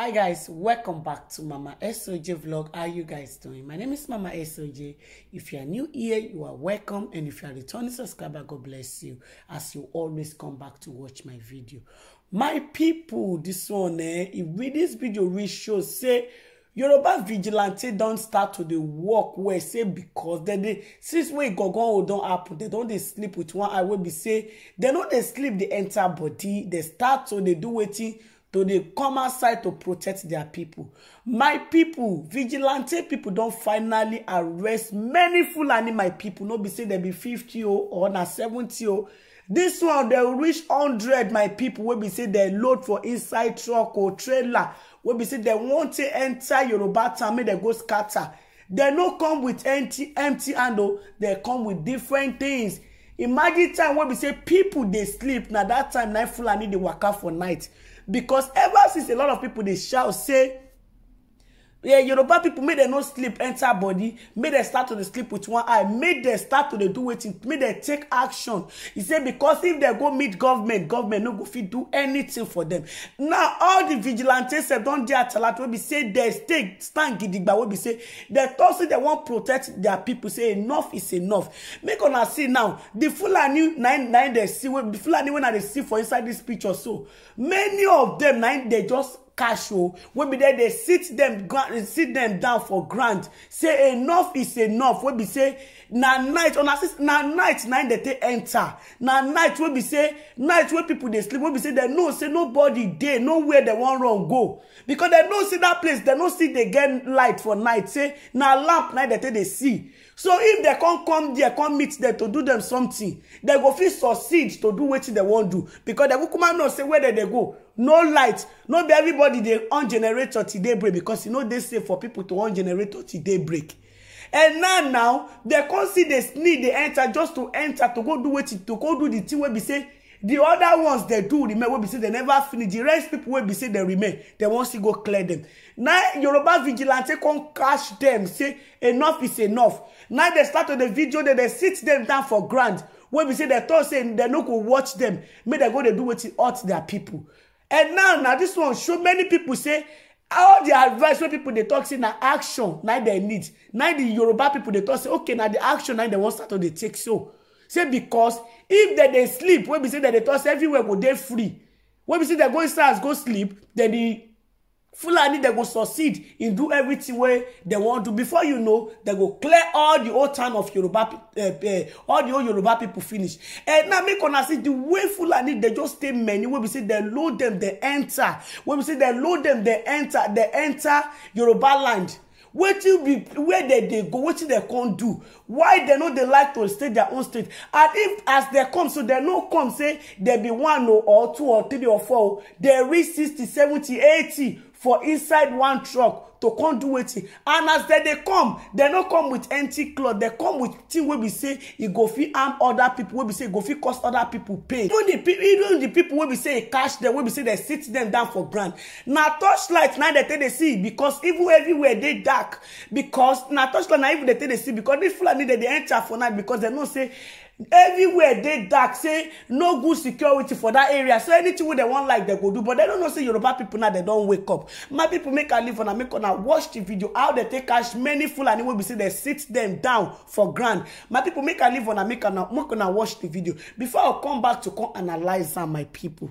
hi guys welcome back to mama soj vlog how you guys doing my name is mama soj if you are new here you are welcome and if you are returning subscriber god bless you as you always come back to watch my video my people this one eh if we this video we show say yoruba vigilante don start to the work well say because dem dey since wey gangan hold don happen they don't they sleep with one I will be say they no they sleep the entire body They start to they do waiting to the common side to protect their people, my people, vigilante people don't finally arrest many fulani my people. no be say dem be 50 or na 70 o this one they reach 100 my people, wey be say they load for inside truck or trailer wey be say they want to enter yoruba town make they go scatter They no come with empty empty hand o dem come with different things imagine time when we say people they sleep now. That time night I need fulani work out for night because ever since a lot of people dey shout say yeah, yoruba people made them no sleep enter body Made them start to dey sleep with one eye Made them start to dey do waiting. Made them take action He said because if they go meet government government no go fit do anything for them. now all the vigilantes sef don dey atalat wey be say they stay stand gidigba wey be say they tok say dem wan protect their people. say enough is enough make una see now di fulani nine nine they see fulani wey na dey see for inside dis picture so many of them nine they just cash o oh, wey be there dey sit dem sit dem down for ground say enough is enough wey be say na night una na night na im dey take enter na night wey be say night wey people dey sleep wey be say dem know say nobody dey where dem wan run go because dem know say dat place dem no still dey get light for night say na lamp na im dey take dey see so if dem come come there come meet dem to do dem something dem go fit succeed to do wetin dem wan do because dem go come know say where dem dey go no light no be everybody dey on generator till daybreak because e no dey safe for people to on generator till daybreak and now now dem come see the sneak dey enter just to enter to go do wetin to go do the thing wey be say the other ones dem do remain wey be say dem never finish the rest people wey be say dem remain dem wan still go clear dem now yoruba vigilante come catch dem say enough is enough now dem start to dey video dem dey sit dem down for ground wey be say dem talk say dem no go watch dem make dem go dey do wetin hurt their people and now now this one show many people say all the advice wey people they talk say na action na they need now the yoruba people they talk say okay now the action now they want start to they take so say because if they they sleep wey be say dem dey toss everywhere go they free when we say they go inside go sleep then the fulani they go succeed in do everything wey they want to. before you know they go clear all the old town of yoruba eh, eh, all the old yoruba people finish and eh, now make una see the way fulani they just stay many wey be say dem load them, they enter wey be say dem load them, they enter they enter yoruba land wetin be where dem they go What wetin they come do why they no they like to stay their own state and if as they come so they no come say there be one oh, or two or three or four oh, There is sixty seventy eighty for inside one truck to come do wetin and as dem dey come dem no come with empty cloth dem come with thing wey be say e go fit harm other people wey be say e go fit cause other people pain even the people even the people wey be say e catch dem wey be say dem sit dem down for ground na torchlight na dem take dey see because even everywhere dey dark because na torchlight na even dem take dey see because this fulani dem dey enter for night because dem know say everywhere dey dark say no good security for that area so anything wey dem wan like dem go do but dem no know say yoruba pipo now dem don wake up my pipo make i leave una make una watch the video how dem take catch many fulani wey be say dem sit dem down for ground my pipo make i leave una make una watch the video before i come back to come analyse am my pipo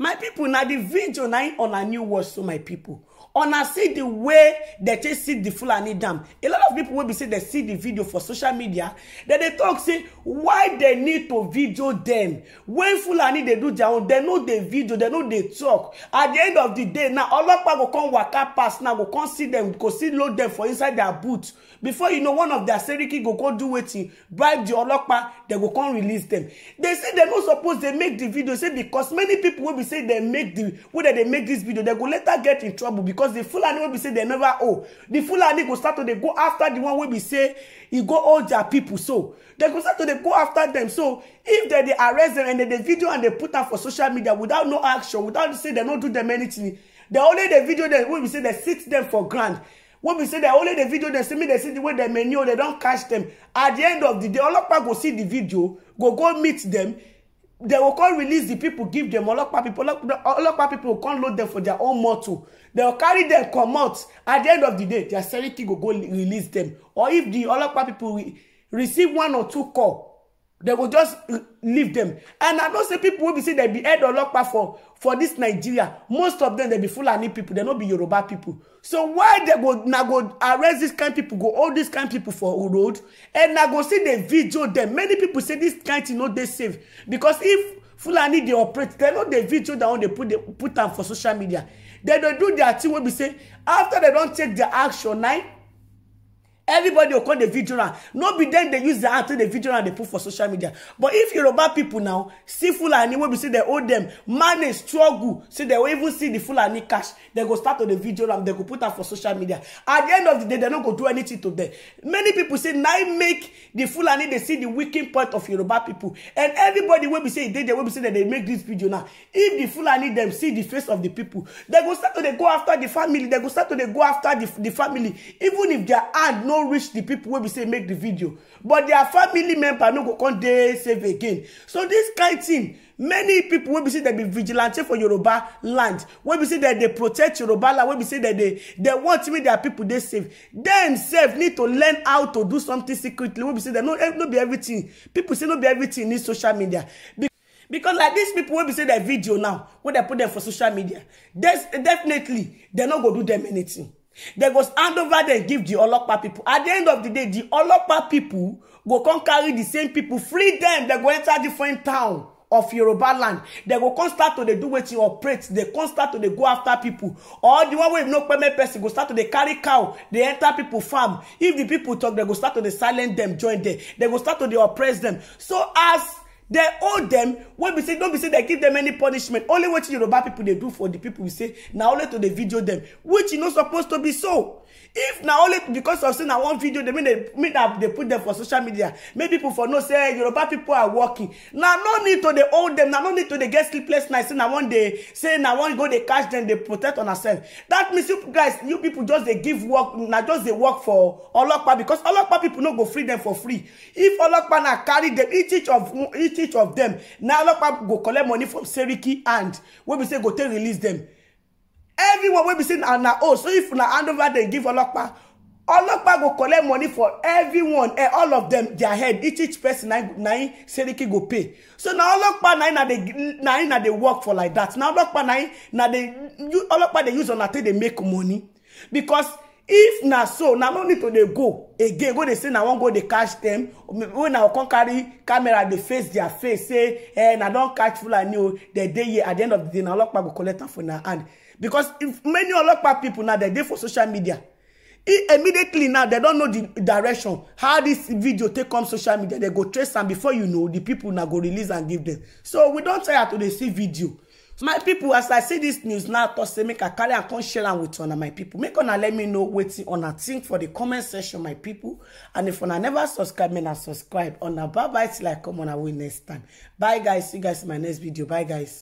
My people, na the video na on a new watch to my people una see the way they take see the fulani dam a lot of people wey be say they see the video for social media then they talk say why they need to video them when fulani dey do their own they no dey video they no dey talk at the end of the day now ọlọpàá go come waka pass now go come see them go see load them for inside their boot before you know one of their seriki go go do wetin bribe the ọlọpàá they go come release them they say they no suppose dey make the video say because many people wey be say they make the way they dey make this video they go later get in trouble because because di fulani wey be say they never owe di fulani go start to they go after the one will be say he go hold their people. so they go start to they go after them. so if they dey arrest them and dem dey video and they put am for social media without no action without say they no do them anything dem only the video dem will be say they sit them for grand. When we say dem only the video they say me they see the way they menu they don't catch them at the end of the day ọlọ́pàá go see the video go go meet them they will come release the people give them ọlọ́pàá people ọlọ́pàá people will come load them for their own motor they will carry them comot at the end of the day their security go go release them or if the ọlọ́pàá people re receive one or two call they go just leave them, and i know say people wey be say they be head olokpa for for this nigeria most of them they be fulani people. They no be yoruba people. so why they go na go arrest this kind people, go hold dis kind people for road and na go see the video dem many people say this kind thing no dey safe because if fulani dey operate they no dey video that one dey put put am for social media They dey do their thing wey be say after they don take their action right? everybody will call the video am no be dem dey use their hand the dey video am dey put for social media but if yoruba people now see full fulani wey be say dem hold dem manage struggle they will even see the full fulani cash They go start on the video and they go put out for social media at the end of the day they don't go do anything to them many people say now make the full fulani they see the weakening point of yoruba people. and everybody will be say they they will be say that they make this video now if the full fulani them see the face of the people they go start to they go after the family They go start to they go after the the family even if their hand no no reach the people wey be say make the video but their family member no go come dey safe again so this kind thing, many people wey be say dem be vigilante for yoruba land wey be say dem dey protect yoruba land wey be say dem dey want make their people dey safe dem sef need to learn how to do something secretly wey be say dem no no be everything People say no be everything need social media because like these people wey be say dem video now wey dem put dem for social media definitely dem no go do dem anything. They go hand over dem give di olopa people. at the end of the day di olopa people go come carry the same people. free them. They go enter different town of yoruba land They go come start to dey do wetin operate dem come start to dey go after people. or the one wey no permit person go start to dey carry cow dey enter people farm if the people talk they go start to dey silent them. join them. They go start to dey oppress them. so as they hold dem wey be say no be say dem give dem any punishment only wetin yoruba pipo dey do for di pipo we say na only to dey video dem which e no suppose to be so if na only because of say na one video dem make dem put dem for social media make pipo for know say yoruba pipo are working na no need to dey hold dem na no need to dey get sleepless night say na one dey say na one go dey catch dem dey protect on herself that means you guys you people just dey give work na just dey work for olokpa because olokpa people no go free them for free if olokpa na carry them each each of each released each of them na olopa go collect money from seriki and wey be say go take release them, everyone wey be say na oh so if na hand over dem give olopa olopa go collect money for everyone and eh, all of them their head each each person na im seriki go pay so na olopa na im na dey work for like dat na olopa na im na dey use ona take dey make money because if na so na no need to dey go again go dey say na wan go dey catch dem wey na come carry camera dey face their face say eh na don catch fulani o dem dey here at the end of the day na ọlọpàá go collect am for na hand because if many ọlọpàá people na dem dey for social media immediately now dem don know the direction how this video take come social media dem go trace am before you know the people na go release and give dem so we don tire to dey see video my people, as i see this news now tok say make i carry am come share am with una my people. make una let me know wetin una think for the comment section my people. and if una never subscribe make na subscribe una bye bye till i come on away next time bye guys see you guys in my next video bye guys